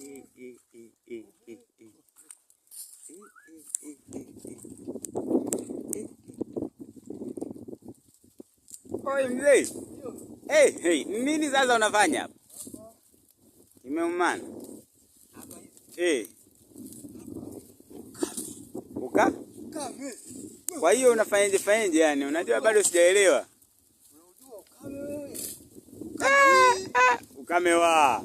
Oi mzee. Hey, hey, nini sasa unafanya hapa? Imeumana. Eh. Uka? Kwa hiyo unafanyaje fanyaje yani? Unajua bado sijaelewa. Unajua ukame wewe. Ah, ah. Ukame wa.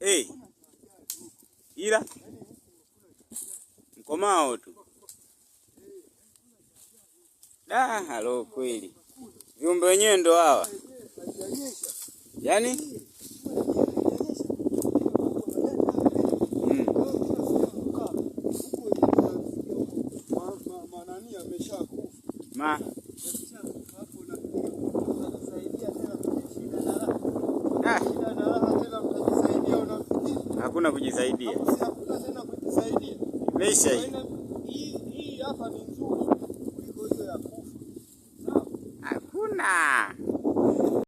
hey. Ila mkomao tu da halo, kweli viumbe wenyewe ndo hawa yani hmm. Ma. hakuna kujisaidia, imeisha hii. Hakuna.